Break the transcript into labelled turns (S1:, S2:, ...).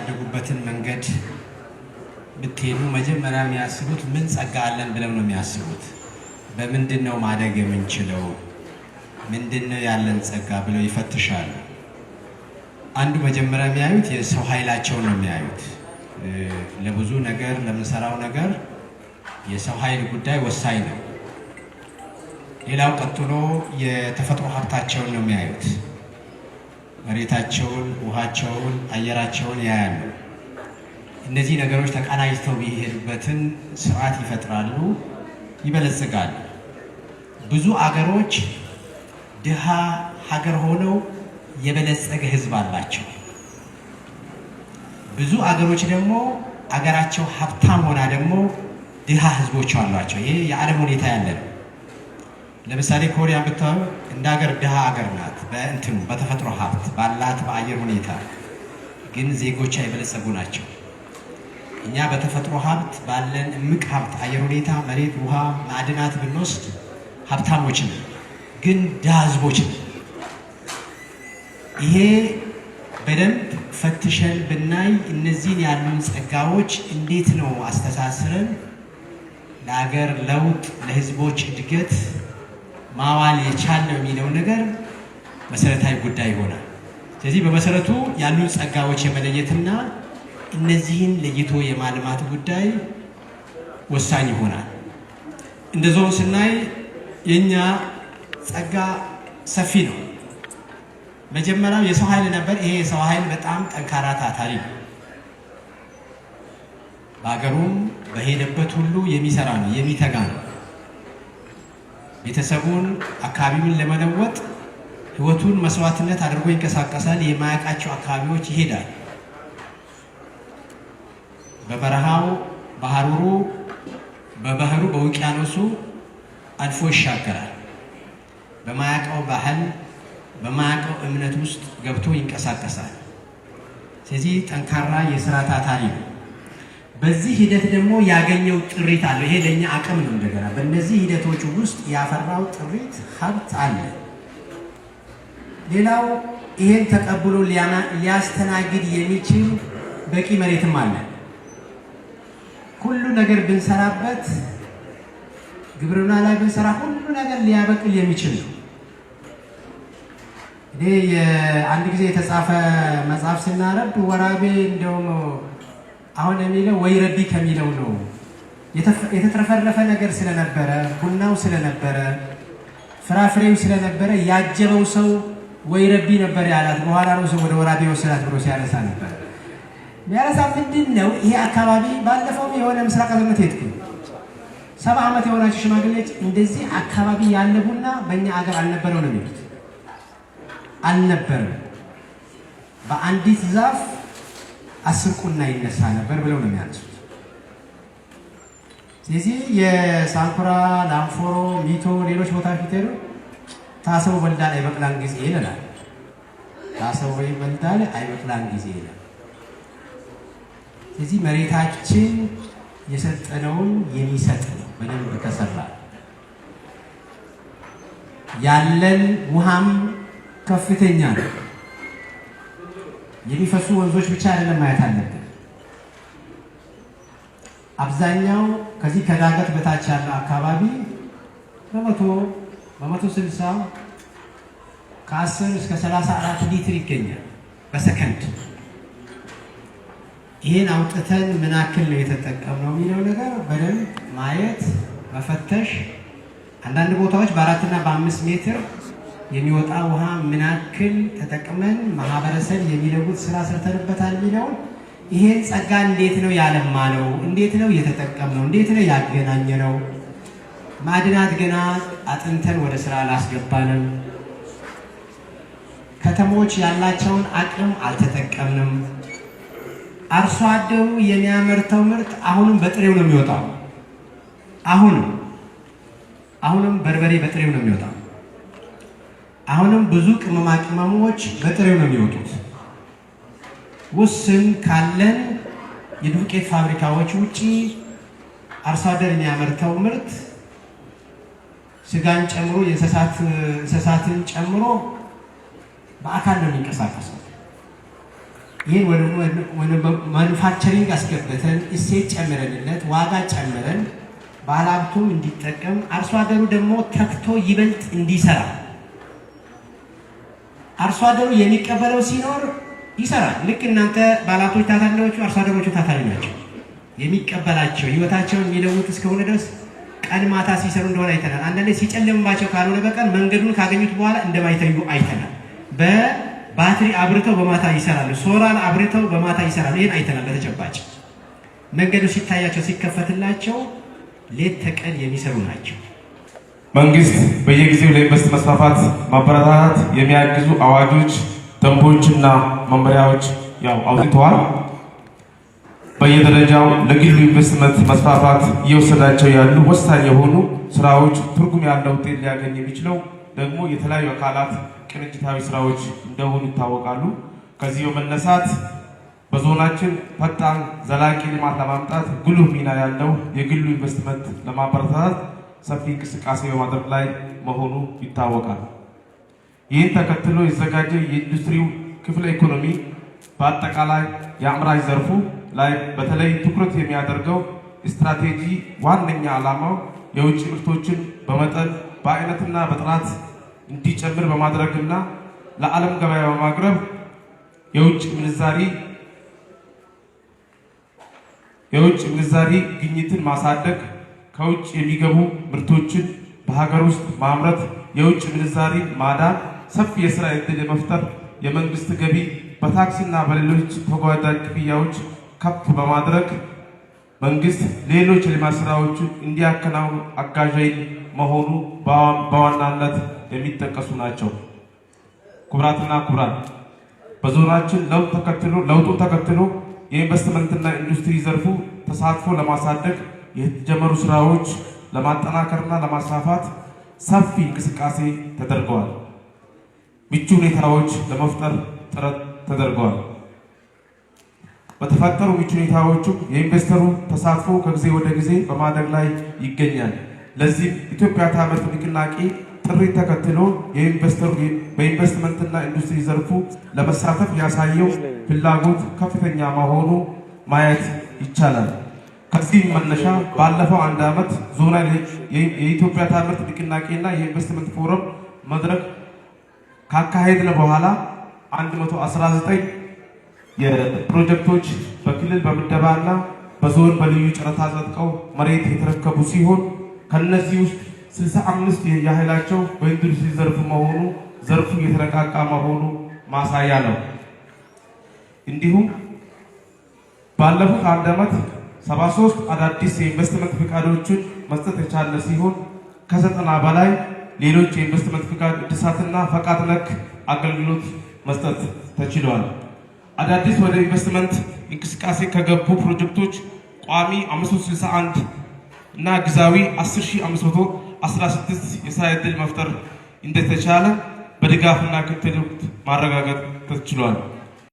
S1: ያደጉበትን መንገድ ብትሄዱ መጀመሪያ የሚያስቡት ምን ጸጋ አለን ብለው ነው የሚያስቡት። በምንድን ነው ማደግ የምንችለው? ምንድን ነው ያለን ጸጋ ብለው ይፈትሻሉ። አንዱ መጀመሪያ የሚያዩት የሰው ኃይላቸውን ነው የሚያዩት። ለብዙ ነገር ለምንሰራው ነገር የሰው ኃይል ጉዳይ ወሳኝ ነው። ሌላው ቀጥሎ የተፈጥሮ ሀብታቸውን ነው የሚያዩት። መሬታቸውን፣ ውሃቸውን፣ አየራቸውን ያያሉ። እነዚህ ነገሮች ተቀናጅተው የሚሄዱበትን ስርዓት ይፈጥራሉ፣ ይበለጽጋሉ። ብዙ አገሮች ድሃ ሀገር ሆነው የበለጸገ ህዝብ አላቸው። ብዙ አገሮች ደግሞ አገራቸው ሀብታም ሆና ደግሞ ድሃ ህዝቦች አሏቸው። ይሄ የዓለም ሁኔታ ያለ ነው። ለምሳሌ ኮሪያ ብታዩ እንደ ሀገር ድሃ ሀገር ናት። በእንትኑ በተፈጥሮ ሀብት ባላት በአየር ሁኔታ ግን ዜጎች የበለጸጉ ናቸው። እኛ በተፈጥሮ ሀብት ባለን እምቅ ሀብት አየር ሁኔታ፣ መሬት፣ ውሃ፣ ማዕድናት ብንወስድ ሀብታሞች ነን፣ ግን ድሃ ህዝቦች ነን። ይሄ በደንብ ፈትሸን ብናይ እነዚህን ያሉን ጸጋዎች እንዴት ነው አስተሳስረን ለሀገር ለውጥ ለህዝቦች እድገት ማዋል የቻለው የሚለው ነገር መሰረታዊ ጉዳይ ይሆናል። ስለዚህ በመሰረቱ ያሉ ጸጋዎች የመለየትና እነዚህን ለይቶ የማልማት ጉዳይ ወሳኝ ይሆናል። እንደ ዞን ስናይ የእኛ ጸጋ ሰፊ ነው። መጀመሪያው የሰው ኃይል ነበር። ይሄ የሰው ኃይል በጣም ጠንካራ ታታሪ ነው። በሀገሩም በሄደበት ሁሉ የሚሰራ ነው፣ የሚተጋ ነው። ቤተሰቡን አካባቢውን ለመለወጥ ህይወቱን መስዋዕትነት አድርጎ ይንቀሳቀሳል። የማያውቃቸው አካባቢዎች ይሄዳል። በበረሃው፣ በሀሩሩ፣ በባህሩ፣ በውቅያኖሱ አልፎ ይሻገራል። በማያውቀው ባህል፣ በማያውቀው እምነት ውስጥ ገብቶ ይንቀሳቀሳል። ስለዚህ ጠንካራ የስራ ታታሪ ነው። በዚህ ሂደት ደግሞ ያገኘው ጥሪት አለ። ይሄ ለእኛ አቅም ነው። እንደገና በእነዚህ ሂደቶች ውስጥ ያፈራው ጥሪት ሀብት አለ። ሌላው ይሄን ተቀብሎ ሊያስተናግድ የሚችል በቂ መሬትም አለ። ሁሉ ነገር ብንሰራበት ግብርና ላይ ብንሰራ ሁሉ ነገር ሊያበቅል የሚችል ነው። እኔ አንድ ጊዜ የተጻፈ መጽሐፍ ስናረብ ወራቤ እንደውም አሁን የሚለው ወይ ረቢ ከሚለው ነው የተትረፈረፈ ነገር ስለነበረ ቡናው ስለነበረ ፍራፍሬው ስለነበረ ያጀበው ሰው ወይ ረቢ ነበር ያላት። በኋላ ነው ሰው ወደ ወራቤ ወሰዳት ብሎ ሲያነሳ ነበር። የሚያነሳ ምንድን ነው? ይሄ አካባቢ ባለፈው የሆነ ምስራቅ አዘመት ሄድኩ። ሰባ ዓመት የሆናቸው ሽማግሌች እንደዚህ አካባቢ ያለ ቡና በእኛ አገር አልነበረው ነው የሚሉት። አልነበረም በአንዲት ዛፍ አስር ቁና ይነሳ ነበር ብለው ነው የሚያነሱት። ስለዚህ የሳንኩራ ላምፎሮ፣ ሚቶ ሌሎች ፊት ብትሄዱ ታሰው በልዳን አይበቅላን ጊዜ ይለናል። ታሰው ወይ በልዳን አይበቅላን ጊዜ ይለናል። ስለዚህ መሬታችን የሰጠነውን የሚሰጥ ነው። በደንብ ከሰራ ያለን ውሃም ከፍተኛ ነው። የሚፈሱ ወንዞች ብቻ አይደለም ማየት አለብን። አብዛኛው ከዚህ ከዳገት በታች ያለው አካባቢ በመቶ በመቶ ስልሳ ከአስር እስከ ሰላሳ አራት ሊትር ይገኛል በሰከንድ። ይህን አውጥተን ምን ያክል ነው የተጠቀምነው የሚለው ነገር በደንብ ማየት መፈተሽ። አንዳንድ ቦታዎች በአራትና በአምስት ሜትር የሚወጣ ውሃ ምን ተጠቅመን ማህበረሰብ የሚለውጥ ስራ ሰርተንበታል የሚለውን ይሄን ጸጋ እንዴት ነው ነው እንዴት ነው የተጠቀምነው? እንዴት ነው ያገናኘነው? ማድናት ገና አጥንተን ወደ ስራ አላስገባንም። ከተሞች ያላቸውን አቅም አልተጠቀምንም። አርሶ አደሩ የሚያመርተው ምርት አሁንም በጥሬው ነው የሚወጣው። አሁንም አሁንም በርበሬ በጥሬው ነው የሚወጣው። አሁንም ብዙ ቅመማ ቅመሞች በጥሬው ነው የሚወጡት። ውስን ካለን የዱቄት ፋብሪካዎች ውጪ አርሶ አደር የሚያመርተው ምርት ስጋን ጨምሮ የእንስሳትን ጨምሮ በአካል ነው የሚንቀሳቀሰው። ይህን ወደ ማኑፋክቸሪንግ አስገብተን እሴት ጨምረንለት ዋጋ ጨምረን ባለሀብቱም እንዲጠቀም አርሶ አደሩ ደግሞ ተክቶ ይበልጥ እንዲሰራ አርሶ አደሩ የሚቀበለው ሲኖር ይሰራል። ልክ እናንተ ባለሀብቶች ታታሪዎቹ፣ አርሶ አደሮቹ ታታሪ ናቸው። የሚቀበላቸው ህይወታቸውን የሚለውጥ እስከሆነ ድረስ ቀን ማታ ሲሰሩ እንደሆነ አይተናል። አንዳንዴ ሲጨለምባቸው ካልሆነ በቀን መንገዱን ካገኙት በኋላ እንደማይተኙ አይተናል። በባትሪ አብርተው በማታ ይሰራሉ። ሶራን አብርተው በማታ ይሰራሉ። ይህን አይተናል በተጨባጭ መንገዱ ሲታያቸው ሲከፈትላቸው ሌት ተቀን የሚሰሩ ናቸው።
S2: መንግስት በየጊዜው ለኢንቨስት መስፋፋት ማበረታታት የሚያግዙ አዋጆች፣ ደንቦችና መመሪያዎች ያው አውጥተዋል። በየደረጃው ለግሉ ኢንቨስትመንት መስፋፋት እየወሰዳቸው ያሉ ወሳኝ የሆኑ ስራዎች ትርጉም ያለው ውጤት ሊያገኝ የሚችለው ደግሞ የተለያዩ አካላት ቅንጅታዊ ስራዎች እንደሆኑ ይታወቃሉ። ከዚህ በመነሳት በዞናችን ፈጣን ዘላቂ ልማት ለማምጣት ጉልህ ሚና ያለው የግሉ ኢንቨስትመንት ለማበረታታት ሰፊ እንቅስቃሴ በማድረግ ላይ መሆኑ ይታወቃል። ይህን ተከትሎ የዘጋጀ የኢንዱስትሪው ክፍለ ኢኮኖሚ በአጠቃላይ የአምራች ዘርፉ ላይ በተለይ ትኩረት የሚያደርገው ስትራቴጂ ዋነኛ ዓላማው የውጭ ምርቶችን በመጠን በአይነትና በጥራት እንዲጨምር በማድረግና ለዓለም ገበያ በማቅረብ የውጭ ምንዛሪ የውጭ ምንዛሪ ግኝትን ማሳደግ፣ ከውጭ የሚገቡ ምርቶችን በሀገር ውስጥ ማምረት፣ የውጭ ምንዛሪ ማዳን፣ ሰፊ የስራ ዕድል የመፍጠር የመንግስት ገቢ በታክሲና በሌሎች ተጓዳ ክፍያዎች ከፍ በማድረግ መንግስት ሌሎች የልማት ስራዎችን እንዲያከናውን አጋዥ መሆኑ በዋናነት የሚጠቀሱ ናቸው። ኩብራትና ኩብራት በዞናችን ለውጡን ተከትሎ የኢንቨስትመንትና ኢንዱስትሪ ዘርፉ ተሳትፎ ለማሳደግ የተጀመሩ ስራዎች ለማጠናከርና ለማስፋፋት ሰፊ እንቅስቃሴ ተደርገዋል። ምቹ ሁኔታዎች ለመፍጠር ጥረት ተደርጓል። በተፈጠሩ ምቹ ሁኔታዎቹ የኢንቨስተሩ ተሳትፎ ከጊዜ ወደ ጊዜ በማደግ ላይ ይገኛል። ለዚህም ኢትዮጵያ ታምርት ንቅናቄ ጥሪ ተከትሎ በኢንቨስትመንትና ኢንዱስትሪ ዘርፉ ለመሳተፍ ያሳየው ፍላጎት ከፍተኛ መሆኑ ማየት ይቻላል። ከዚህ መነሻ ባለፈው አንድ ዓመት ዞናል የኢትዮጵያ ታምርት ንቅናቄና የኢንቨስትመንት ፎረም መድረክ ካካሄድን በኋላ 119 የፕሮጀክቶች በክልል በምደባና በዞን በልዩ ጨረታ ጸድቀው መሬት የተረከቡ ሲሆን ከነዚህ ውስጥ 65 ያህላቸው በኢንዱስትሪ ዘርፍ መሆኑ ዘርፉ የተነቃቃ መሆኑ ማሳያ ነው። እንዲሁም ባለፉት አንድ ዓመት 73 አዳዲስ የኢንቨስትመንት ፍቃዶችን መስጠት የቻለ ሲሆን ከዘጠና በላይ ሌሎች የኢንቨስትመንት ፍቃድ እድሳትና ፈቃድ ነክ አገልግሎት መስጠት ተችሏል። አዳዲስ ወደ ኢንቨስትመንት እንቅስቃሴ ከገቡ ፕሮጀክቶች ቋሚ 561 እና ጊዜያዊ 10516 የስራ ዕድል መፍጠር እንደተቻለ በድጋፍና ክትትል ማረጋገጥ ተችሏል።